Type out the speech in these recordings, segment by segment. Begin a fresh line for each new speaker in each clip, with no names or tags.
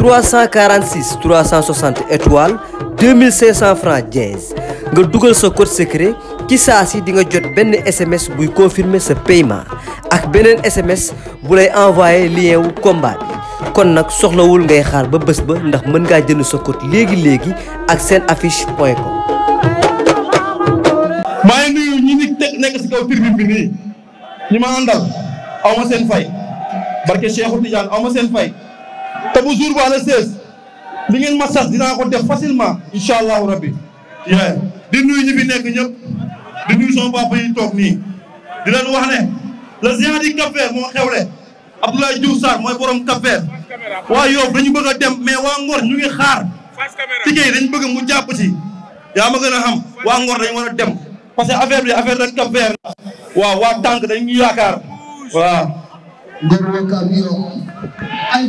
346 360 étoiles 2500 francs dièse nga dugal sa code secret ci saa si di nga jot benn SMS buy confirmer sa paiement ak beneen SMS bu lay envoyé lien wu combat kon nag soxlawul ngay xaar ba bés ba ndax mën ngaa jënd sa code léegi léegi ak seen affiche point com.
maa ngi nuyu ñi nekk si kaw tribune bi nii ñi ma àndal aw seen fay barke Cheikhou Tidiane aw seen fay. te bu ba le 16 li ngeen ma sas dinaa ko def facilement incha allahu rabbi yee di nuyu ñi fi nekk ñëpp di nuyu sama papa yi toog nii di leen wax ne le géant du Cap-Vert moo xewle Abdoulaye Diouf mooy borom Cap-Vert waa Yoff dañu bëgg a dem mais waa Ngor ñu ngi xaar tike yi dañu bëgg mu jàpp ci yaa ma gën a xam waa Ngor dañu war a dem parce que affaire bi affaire de Cap-Vert la waaw waa tànk dañu yaakaar waaw ngor wa Cap-Vert
ay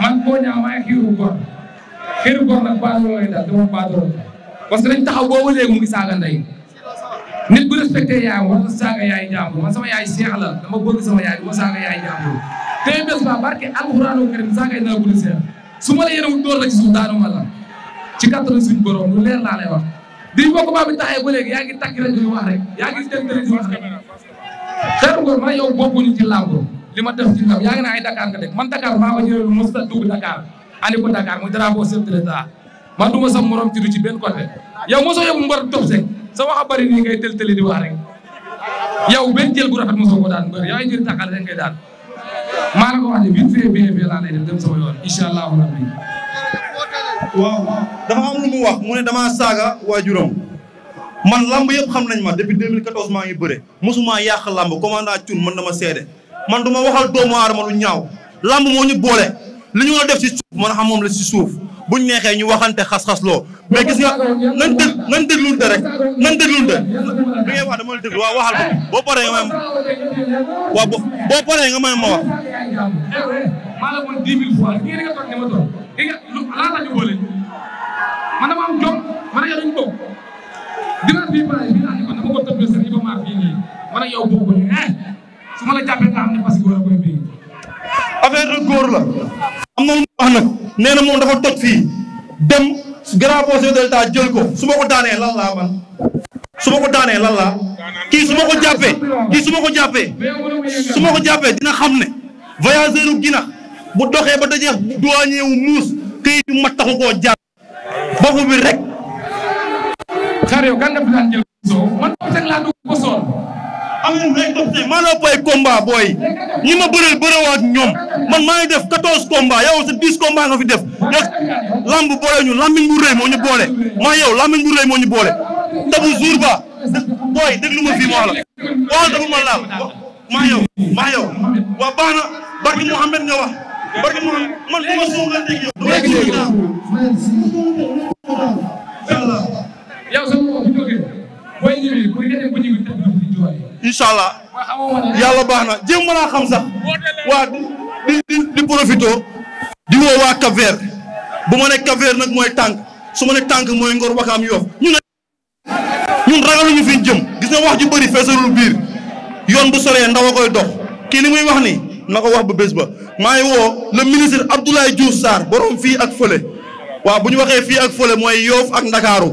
man boo ñaaw maa ngi xiiru gor xiiru gor nag baadoolo lay dal dama parce que dañ taxaw boo léegi mu ngi saaga ndey nit bu respecté yaay war na saaga yaay jàmbur man sama yaay seex la dama bëgg sama yaay dama saaga yaay jàmbur barke alxuraanu karim saaga naa bu seex su ma la yénewul door la ci suuf daanu ma la ci kattanu suñu borom lu leer laa lay wax di bokk ba bi taxee ba léegi yaa ngi takki rajo yu wax rek yaa ngi dem télévision wax rek xeeru gor ma yow bokkuñu ci làmb di ma def ci ndam yaa ngi ne ay Dakar nga dégg man Dakar maa ma ñëwee mos a dugg Dakar andi ko Dakar muy man du ma sa morom ci du ci benn côté yow mosoo yóbbu mbar top sec sa wax a bëri nii ngay tël di wax rek yow benn jël bu rafet mosoo ko daan mbër yaa ngi jël tàqal rek daan
maa la ko wax ne huit février bi dem sama yoon incha allahu rabbi waaw dafa am lu mu wax man lamb yëpp xam nañ ma depuis 2014 maa ngi yàq lamb commandant Thioune mën na ma seede man du ma waxal doomu aadama lu ñaaw lamb moo ñu boole li ñu war a def ci suuf man xam moom la si suuf buñ neexee ñu waxante xas-xas loo mais gis nga nañ dég nañ déglul de rek nañ déglul de li ngay wax dama la déglu waaw waxal ko boo paree nga may waaw boo paree ma wax ma toog nga
laa am jom man ak yow su ma la jàppee
góor la. am na lu wax nag nee na moom dafa toj fii dem grand conseil de l'État jël ko su ma ko daanee lan laa su ma ko daanee lan laa kii su ma ko jàppee kii su ma ko jàppee su ko jàppee dina xam ne voyageur u ginax bu doxee ba dajee douanier wu muus këyit bi ma taxu koo jàpp bopp bi rek. maanaam ay combat booy ñi ma bëreel bërewaat ñoom man maa ngi def 14 combat yow sa 10 combat nga fi def ñoom lamb boole ñu lamine bu rëy moo ñu boole maa yow lamine bu rëy moo ñu boole. tabu jour ba booy déglu ma fii ma wax la waaw tabu ma laal maa yow maa yow waa baax na barki Mouhamed nga wax barki Mouhamed man bu ma soogaleeg yow.
dégg-dégg yow sa booy
allah yàlla baax na jéem mën a xam sax waa di di di profito di woo waa bu ma ne Cap Vert nag mooy tànk su ma ne tànk mooy ngor wakaam yoof ñun ñun ragaluñu fi ñu jëm gis nga wax ju bëri feesalul biir yoon bu soree ndaw a koy dox kii li muy wax ni na ko wax ba bés ba maa ngi woo le ministre Abdoulaye Diouf Sarr borom fii ak fële waaw bu ñu waxee fii ak fële mooy yoof ak ndakaaru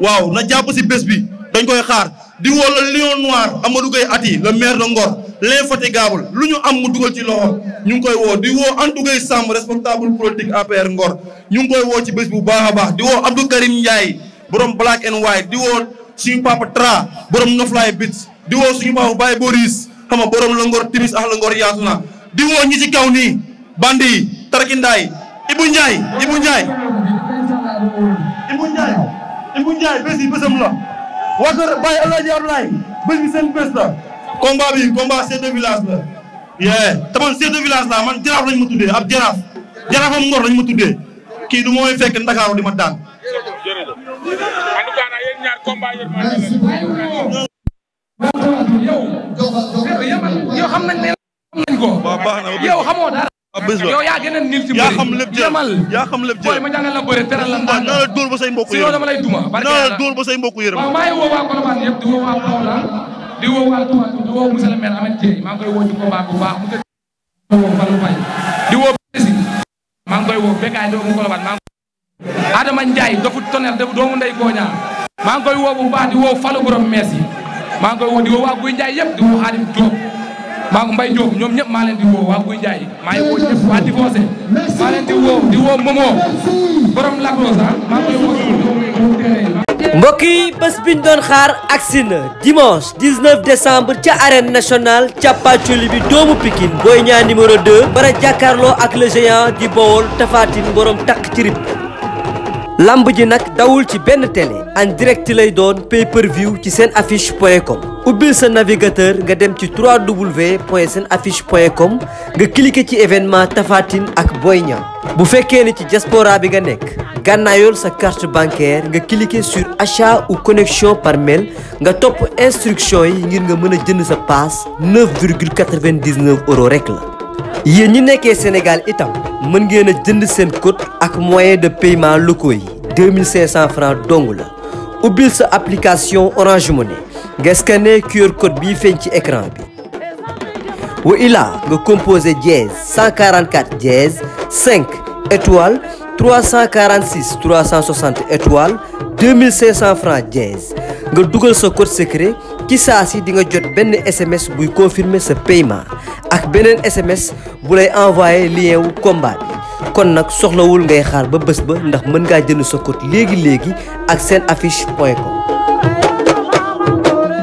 waaw na jàpp si bés bi dañ koy xaar di woo le lion noir Amadou at Ati le maire de Ngor l'infatigable lu ñu am mu dugal ci loxo ñu ngi koy woo di woo Antou Gueye Samb responsable APR Ngor ñu ngi koy woo ci bés bu baax a baax di woo Abdou Karim Ndiaye borom black and white di woo suñu papa Tra borom Noflaay Bits di woo suñu papa Baye Boris xam nga borom la Ngor timis ah la Ngor yaatu na di woo ñi ci kaw nii bandi yi tarkindaay Ibou Ndiaye Ibou Ndiaye Ibou Ndiaye waa kër Baye Alaaji Ablaye bés bi seen bés la. combat bi combat chef de village la. yee te man chef de village la man jaraaf lañ ma tuddee ab jaraaf jaraafam ngor lañ ma tuddee kii du mooy fekk Ndakaaru di ma daan.
jërëjëf en tout cas daal yéen ñaar combat yow yow xam nañ ne yow xam
nañ ko. waaw baax na yow xamoo dara. Ah, yow yaa gën a niil ci bëri xam lépp yaa xam lépp booy ma jàngal la bëri teral la ndànk naa la dóor ba say mbokk yërëm dama lay duma naa la dóor maa ngi woo waa
Colobane yëpp di woo waa Kaolack di woo waa Touba maa ngi koy woo ci combat bu baax monsieur woo Fallou Faye di woo président ngi koy woo Bekkaay doomu Colobane maa ngi Adama Ndiaye dofu tonel doomu ndey gooñaa maa ngi koy woo bu baax di woo Fallou borom mees yi maa ngi koy woo di woo waa Guy Ndiaye yëpp di woo Adim Diop maa ngi ñoom ñëpp maa leen di woo maa ngi woo
mbokk yi bés biñ doon xaar agsi na dimanche 19 décembre ca arène nationale ca pàccoli bi doomu Pikine Boy Niang numéro 2 bara jàkkaarloo ak le géant di Bawol Tapha takk ci lamb ji nag dawul ci benn télé en direct lay doon pay per view ci seen affiche point com ubbil sa navigateur nga dem ci 3w point seen affiche point com nga cliqué ci événement Tafatine ak Boy Niang bu fekkee ni ci diaspora bi nga nekk gànnaayool sa carte bancaire nga cliqué sur achat ou connexion par mail nga topp instruction yi ngir nga mën a jënd sa paas 9,99 euros rek la yéen ñi nekkee Sénégal itam mën ngeen a jënd seen code ak moyen de paiement locaux yi 2500 francs dong la ubbil sa application Orange Money nga scanné QR code bii feeñ ci ecran bi wa nga composé dièse 144 dièse 5 étoile 346 360 étoile 2500 francs dièse nga dugal sa code secret ci saa si di nga jot benn SMS buy confirmer sa paiement ak beneen SMS bu lay envoyer lien wu combat kon nag soxlawul ngay xaar ba bés ba ndax mën ngaa jënd sa code léegi léegi ak seen affiche point